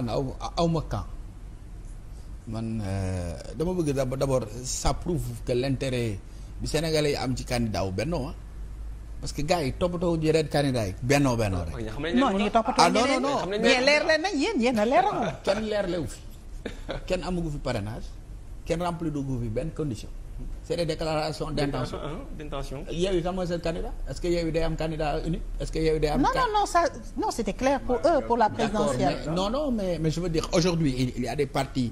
xanaa aw aw ma camp man euh, dama bëgg d' abord ça prouve que bi sénégalais am ci candidat wu benno ah parce que gars yi toppatoo ji ren candidat yi benno benno rek. non ñu ngi toppatoo ah non non non mais nañ yéen yéen a leeralal. kenn leerlewu fi kenn amagu fi parrainage kenn rempli du gu fi benn condition. c' est des déclarations d' intention d' intention. Yewwi candidat est ce que Yewwi day am candidat unique est ce que Yewwi day am. non non non ça non c' était clair pour eux pour Mais, je veux dire aujourd'hui il, il y a des partis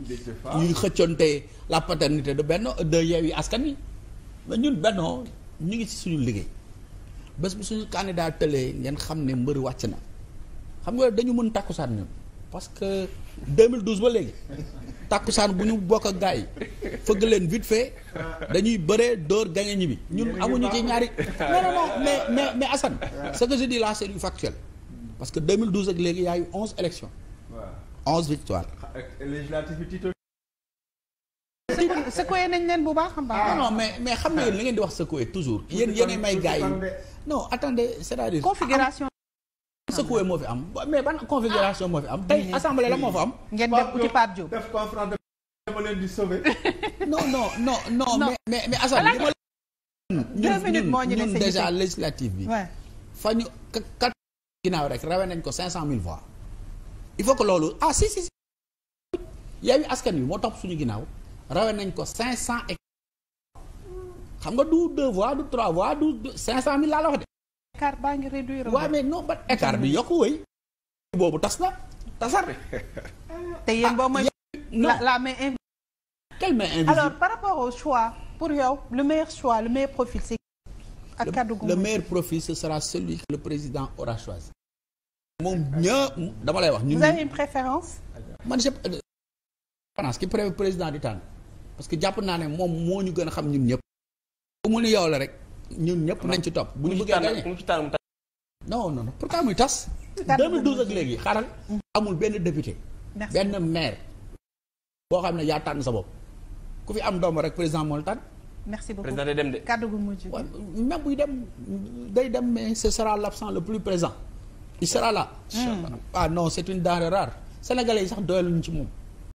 yuy xëccoonte la paternité de benn de Yewwi Askan Wi mais ñun bennoo ñu ngi ci suñu liggéey bés bu suñu candidat tëlee ngeen xam ne mbër wàcc na xam nga dañu mën takkusaan ñun parce que 2012 ba léegi. tàkkusaan bu ñu bokk ak gars yi fëgg leen vite fait dañuy bëree dóor gañe ñi bi ñun amuñu ci ñaari non mais mais mais Assane ce que je dis là c'est du factuel parce que 2012 ak léegi y a eu onze élections onze victoires secoué nañ leen bu baax xam baax mais mais xam na li ngeen di wax secoué toujours yéen yéenay may gars yi non attendez c'est-à-dire configuration secoué moo fi am mais ban configuration moo fi am tey assemblée la moo am ngeen dem uti Pape Diop def conférence dama leen di sauver non non non non mais mais mais assemblée ñun déjà législative bi fa ñu kat ginnaaw rek rawee nañ ko cinq cent mille voix il faut que loolu ah si si si Yewwi Askan Wi moo topp suñu ginnaaw rawee nañ ko cinq cent et xam nga du deux voix du trois voix du cinq cent mille laa la wax de écart baa ngi réduire. waaw mais non ba écart bi yokk wëy. boobu tas na tasar. te yéen boo mooy. Ah, la mais in invisible. quelle main invisible alors par pour yow le meilleur choix le meilleur profil c'est ak kàddu gu le meilleur celui que le président aura choisi. moom ña dama lay wax. ñu vous man je euh, préférence ki président di tànn parce que jàpp naa ne moom moo ñu gën a xam ñun ñëpp. mu ni yow la rek. ñun ñëpp nañ ci topp. bu ñu bëggee gagné mu ci tànn mu non non non pourtant muy tas. 2012 ak léegi xaaral. amul benn député. benn maire. boo xam ne yaa tànn sa bopp ku fi am doom rek président moom la tànn. merci beaucoup président day dem de. kàddu gu mujj bi même buy dem day dem mais ce sera l' absent le plus présent. il sera là. Hmm. ah non c' est une denrée rare sénégalais yi sax doyaluñu ci moom.